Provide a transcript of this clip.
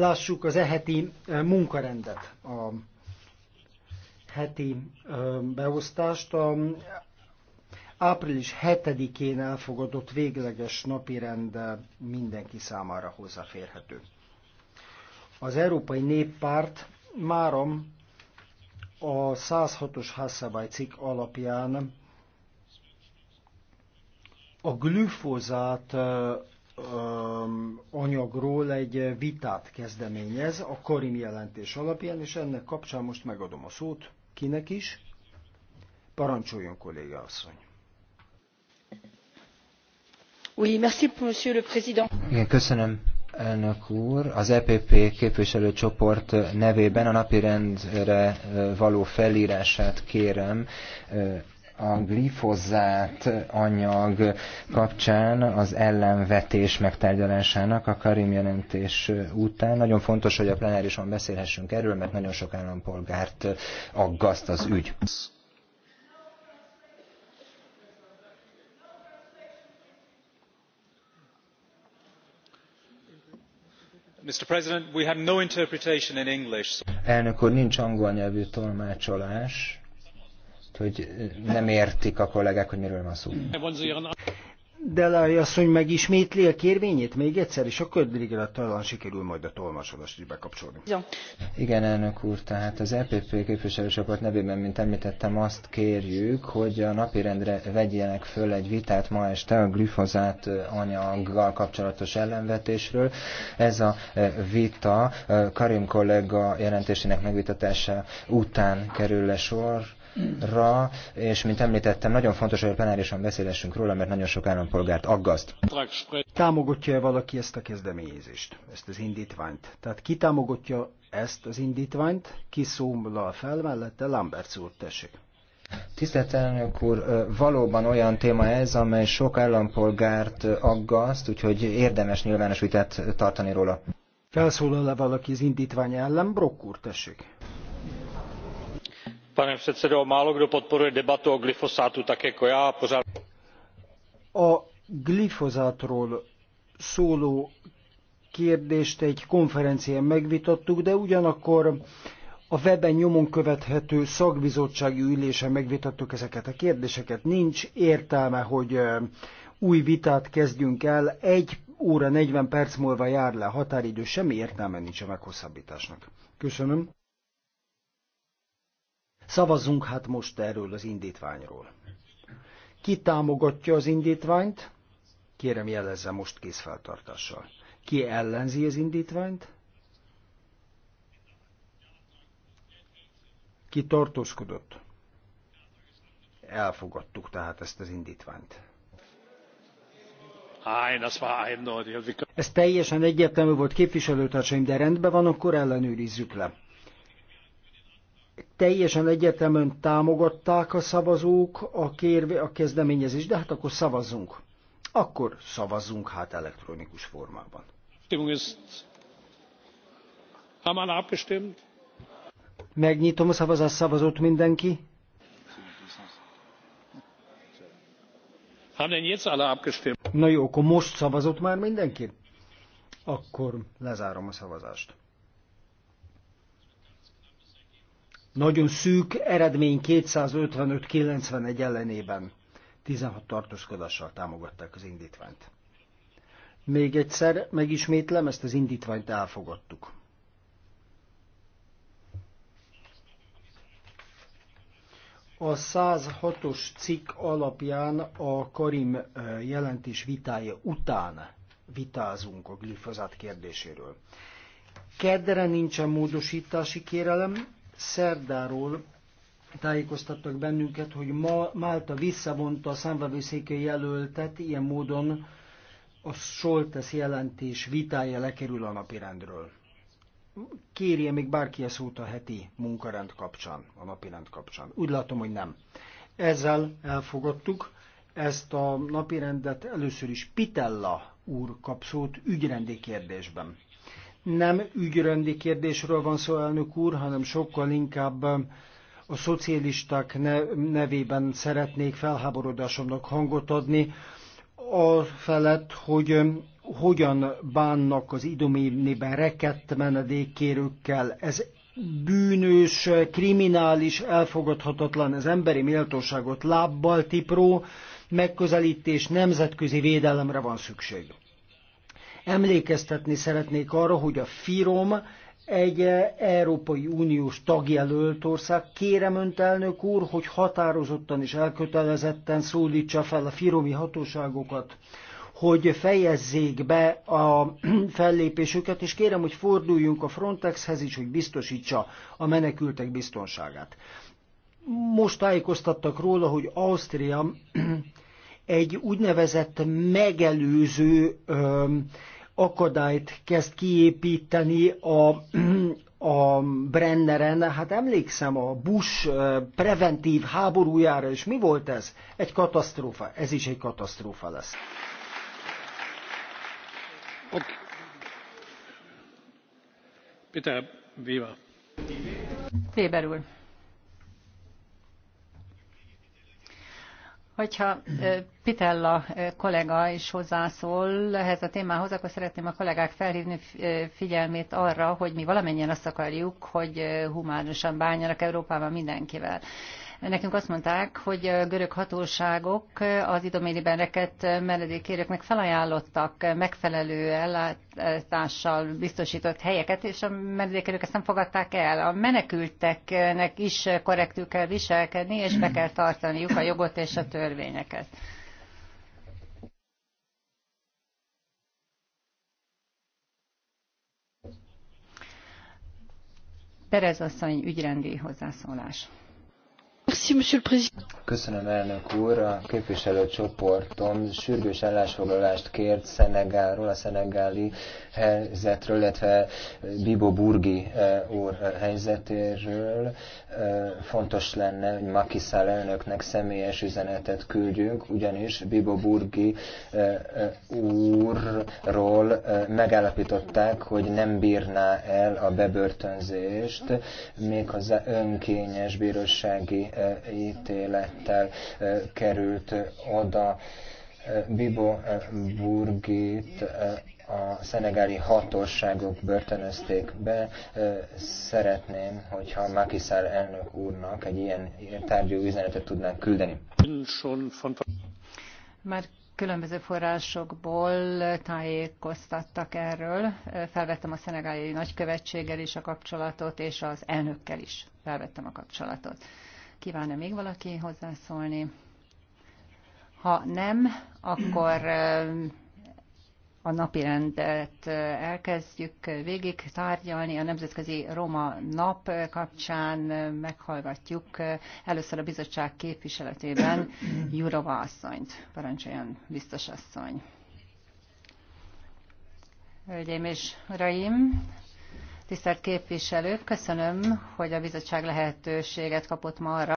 Lássuk az eheti e, munkarendet, a heti e, beosztást. A április 7-én elfogadott végleges napirend e, mindenki számára hozzáférhető. Az Európai Néppárt márom a 106-os cikk alapján a glüfozát Um, anyagról egy vitát kezdeményez a Karim jelentés alapján, és ennek kapcsán most megadom a szót. Kinek is? Parancsoljon, kolléga asszony. Oui, merci, monsieur le président. Igen, köszönöm, elnök úr. Az EPP képviselőcsoport nevében a napirendre való felírását kérem a glifozát anyag kapcsán az ellenvetés megtárgyalásának a Karim jelentés után. Nagyon fontos, hogy a plenárison beszélhessünk erről, mert nagyon sok állampolgárt aggaszt az ügy. Mr. President, we have no interpretation in English. Elnök úr, nincs angol nyelvű tolmácsolás hogy nem értik a kollégák, hogy miről van szó. Delai asszony megismétli a kérvényét még egyszer, és akkor Drigela talán sikerül majd a tolmásodást is bekapcsolni. Ja. Igen, elnök úr, tehát az EPP képviselőcsoport nevében, mint említettem, azt kérjük, hogy a napirendre vegyenek föl egy vitát ma este a glifozát anyaggal kapcsolatos ellenvetésről. Ez a vita eh, Karim kollega jelentésének megvitatása után kerül le sor, ra, és mint említettem, nagyon fontos, hogy plenárisan beszélessünk róla, mert nagyon sok állampolgárt aggaszt. Támogatja -e valaki ezt a kezdeményezést, ezt az indítványt? Tehát ki támogatja ezt az indítványt, ki a fel mellette, Lamberts úr, tessék. Tisztelt elnök úr, valóban olyan téma ez, amely sok állampolgárt aggaszt, úgyhogy érdemes nyilvános vitát tartani róla. Felszólal-e valaki az indítvány ellen, Brokkur tessék pane předsedající málokdo podporuje debatu o glyfosátu tak jako já. a glifozátról szóló kérdést egy konferencián megvitattuk, de ugyanakkor a weben nyomon követhető szakbizottsági ülésen megvitattuk ezeket a kérdéseket. Nincs értelme, hogy új vitát kezdjünk el. Egy óra 40 perc múlva jár le határidő, semmi értelme nincs a meghosszabbításnak. Köszönöm. Szavazzunk hát most erről az indítványról. Ki támogatja az indítványt? Kérem jelezze most készfeltartással. Ki ellenzi az indítványt? Ki tartózkodott? Elfogadtuk tehát ezt az indítványt. Ez teljesen egyértelmű volt képviselőtársaim, de rendben van, akkor ellenőrizzük le teljesen egyetemen támogatták a szavazók a kérve a kezdeményezés. de hát akkor szavazzunk. Akkor szavazzunk hát elektronikus formában. Megnyitom a szavazást, szavazott mindenki? Na jó, akkor most szavazott már mindenki? Akkor lezárom a szavazást. Nagyon szűk eredmény 255-91 ellenében 16 tartózkodással támogatták az indítványt. Még egyszer megismétlem, ezt az indítványt elfogadtuk. A 106-os cikk alapján a Karim eh, jelentés vitája után vitázunk a glifozát kérdéséről. Kedre nincsen módosítási kérelem, szerdáról tájékoztattak bennünket, hogy ma Málta visszavonta a számvevőszéke jelöltet, ilyen módon a Soltesz jelentés vitája lekerül a napirendről. Kérje még bárki a szót a heti munkarend kapcsán, a napirend kapcsán. Úgy látom, hogy nem. Ezzel elfogadtuk ezt a napirendet először is Pitella úr kap szót ügyrendi kérdésben nem ügyrendi kérdésről van szó, elnök úr, hanem sokkal inkább um, a szocialisták nevében szeretnék felháborodásomnak hangot adni, a felett, hogy um, hogyan bánnak az idoménében rekett menedékkérőkkel. Ez bűnös, kriminális, elfogadhatatlan, az emberi méltóságot lábbal tipró megközelítés, nemzetközi védelemre van szükség. Emlékeztetni szeretnék arra, hogy a FIROM egy eh, Európai Uniós tagjelölt ország. Kérem önt, elnök úr, hogy határozottan és elkötelezetten szólítsa fel a firomi hatóságokat, hogy fejezzék be a fellépésüket, és kérem, hogy forduljunk a Frontexhez is, hogy biztosítsa a menekültek biztonságát. Most tájékoztattak róla, hogy Ausztria egy úgynevezett megelőző akadályt kezd kiépíteni a, a Brenneren. Hát emlékszem a Bush preventív háborújára, és mi volt ez? Egy katasztrófa. Ez is egy katasztrófa lesz. Okay. Peter, Weber. Weber úr. Hogyha Pitella kollega is hozzászól ehhez a témához, akkor szeretném a kollégák felhívni figyelmét arra, hogy mi valamennyien azt akarjuk, hogy humánusan bánjanak Európában mindenkivel. Nekünk azt mondták, hogy a görög hatóságok az idoméniben rekett menedékérőknek felajánlottak megfelelő ellátással biztosított helyeket, és a menedékérők ezt nem fogadták el. A menekülteknek is korrektül kell viselkedni, és be kell tartaniuk a jogot és a törvényeket. Perez asszony ügyrendi hozzászólás. Merci, Monsieur le Président. Köszönöm, elnök úr. A képviselőcsoportom sürgős állásfoglalást kért Szenegáról, a szenegáli helyzetről, illetve Bibo Burgi e, úr helyzetéről. E, fontos lenne, hogy Makiszál elnöknek személyes üzenetet küldjünk, ugyanis Bibo Burgi e, úrról megállapították, hogy nem bírná el a bebörtönzést, méghozzá önkényes bírósági ítélettel került oda. Bibo Burgit a szenegáli hatóságok börtönözték be. Szeretném, hogyha Makisár elnök úrnak egy ilyen tárgyú üzenetet tudnánk küldeni. Már különböző forrásokból tájékoztattak erről. Felvettem a szenegáli nagykövetséggel is a kapcsolatot, és az elnökkel is felvettem a kapcsolatot. Kíván-e még valaki hozzászólni? Ha nem, akkor a napirendet elkezdjük végig tárgyalni. A Nemzetközi Roma Nap kapcsán meghallgatjuk először a bizottság képviseletében Jurova asszonyt. Parancsoljon biztos asszony. Hölgyeim és Uraim, tisztelt képviselők, köszönöm, hogy a bizottság lehetőséget kapott ma arra,